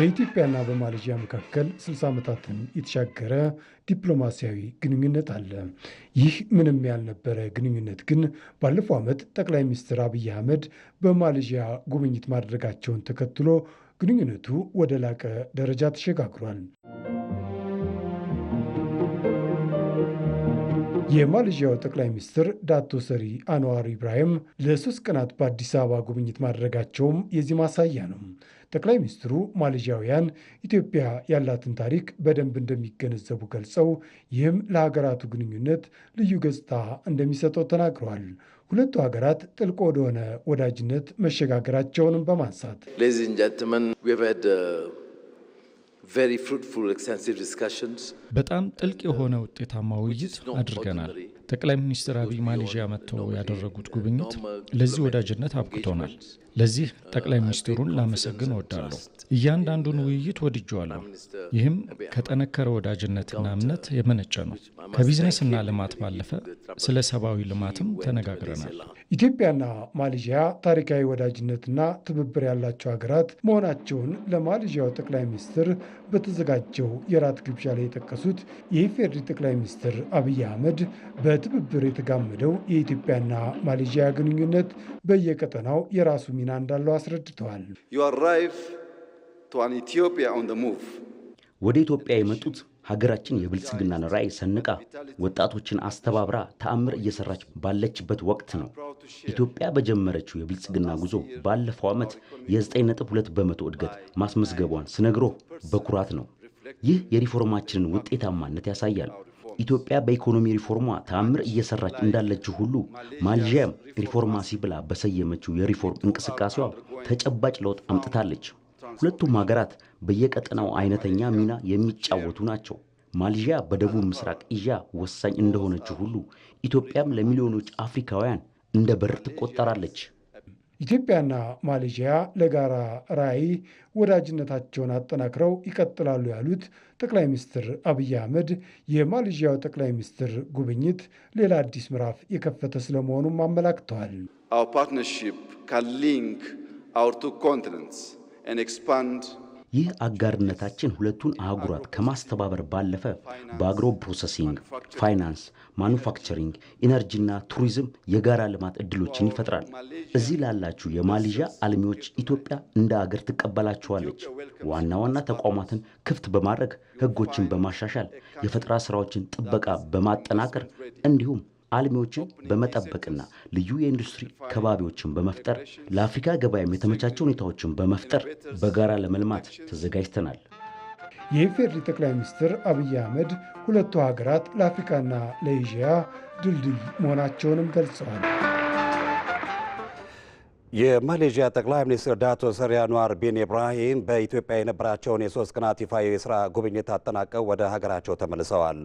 በኢትዮጵያና በማሌዥያ መካከል 60 ዓመታትን የተሻገረ ዲፕሎማሲያዊ ግንኙነት አለ። ይህ ምንም ያልነበረ ግንኙነት ግን ባለፈው ዓመት ጠቅላይ ሚኒስትር አብይ አህመድ በማሌዥያ ጉብኝት ማድረጋቸውን ተከትሎ ግንኙነቱ ወደ ላቀ ደረጃ ተሸጋግሯል። የማሌዥያው ጠቅላይ ሚኒስትር ዳቶ ሰሪ አንዋር ኢብራሂም ለሶስት ቀናት በአዲስ አበባ ጉብኝት ማድረጋቸውም የዚህ ማሳያ ነው። ጠቅላይ ሚኒስትሩ ማሌዥያውያን ኢትዮጵያ ያላትን ታሪክ በደንብ እንደሚገነዘቡ ገልጸው ይህም ለሀገራቱ ግንኙነት ልዩ ገጽታ እንደሚሰጠው ተናግረዋል። ሁለቱ ሀገራት ጥልቅ ወደሆነ ወዳጅነት መሸጋገራቸውንም በማንሳት በጣም ጥልቅ የሆነ ውጤታማ ውይይት አድርገናል። ጠቅላይ ሚኒስትር አብይ ማሌዥያ መጥተው ያደረጉት ጉብኝት ለዚህ ወዳጅነት አብቅቶናል። ለዚህ ጠቅላይ ሚኒስትሩን ላመሰግን እወዳለሁ። እያንዳንዱን ውይይት ወድጀዋለሁ። ይህም ከጠነከረ ወዳጅነትና እምነት የመነጨ ነው። ከቢዝነስና ልማት ባለፈ ስለ ሰብአዊ ልማትም ተነጋግረናል። ኢትዮጵያና ማሌዥያ ታሪካዊ ወዳጅነትና ትብብር ያላቸው ሀገራት መሆናቸውን ለማሌዥያው ጠቅላይ ሚኒስትር በተዘጋጀው የራት ግብዣ ላይ የጠቀሱት የኢፌዴሪ ጠቅላይ ሚኒስትር አብይ አህመድ በ በትብብር የተጋመደው የኢትዮጵያና ማሌዥያ ግንኙነት በየቀጠናው የራሱ ሚና እንዳለው አስረድተዋል። ወደ ኢትዮጵያ የመጡት ሀገራችን የብልጽግናን ራዕይ ሰንቃ ወጣቶችን አስተባብራ ተአምር እየሰራች ባለችበት ወቅት ነው። ኢትዮጵያ በጀመረችው የብልጽግና ጉዞ ባለፈው ዓመት የ9.2 በመቶ እድገት ማስመዝገቧን ስነግሮ በኩራት ነው። ይህ የሪፎርማችንን ውጤታማነት ያሳያል። ኢትዮጵያ በኢኮኖሚ ሪፎርሟ ተአምር እየሰራች እንዳለችው ሁሉ ማልዥያም ሪፎርማሲ ብላ በሰየመችው የሪፎርም እንቅስቃሴዋ ተጨባጭ ለውጥ አምጥታለች። ሁለቱም ሀገራት በየቀጠናው አይነተኛ ሚና የሚጫወቱ ናቸው። ማልዥያ በደቡብ ምስራቅ እስያ ወሳኝ እንደሆነችው ሁሉ ኢትዮጵያም ለሚሊዮኖች አፍሪካውያን እንደ በር ትቆጠራለች። ኢትዮጵያና ማሌዥያ ለጋራ ራዕይ ወዳጅነታቸውን አጠናክረው ይቀጥላሉ ያሉት ጠቅላይ ሚኒስትር አብይ አህመድ የማሌዥያው ጠቅላይ ሚኒስትር ጉብኝት ሌላ አዲስ ምዕራፍ የከፈተ ስለመሆኑም አመላክተዋል። ፓርትነርሺፕ ካን ሊንክ አወር ይህ አጋርነታችን ሁለቱን አህጉራት ከማስተባበር ባለፈ በአግሮ ፕሮሰሲንግ፣ ፋይናንስ፣ ማኑፋክቸሪንግ፣ ኢነርጂና ቱሪዝም የጋራ ልማት እድሎችን ይፈጥራል። እዚህ ላላችሁ የማሌዥያ አልሚዎች ኢትዮጵያ እንደ አገር ትቀበላችኋለች። ዋና ዋና ተቋማትን ክፍት በማድረግ ህጎችን በማሻሻል የፈጠራ ስራዎችን ጥበቃ በማጠናከር እንዲሁም አልሚዎችን በመጠበቅና ልዩ የኢንዱስትሪ ከባቢዎችን በመፍጠር ለአፍሪካ ገበያም የተመቻቸ ሁኔታዎችን በመፍጠር በጋራ ለመልማት ተዘጋጅተናል። የኢፌዴሪ ጠቅላይ ሚኒስትር አብይ አህመድ ሁለቱ ሀገራት ለአፍሪካና ለኤዥያ ድልድይ መሆናቸውንም ገልጸዋል። የማሌዥያ ጠቅላይ ሚኒስትር ዳቶ ስሪ አንዋር ቢን ኢብራሂም በኢትዮጵያ የነበራቸውን የሶስት ቀናት ይፋ የስራ ጉብኝት አጠናቀው ወደ ሀገራቸው ተመልሰዋል።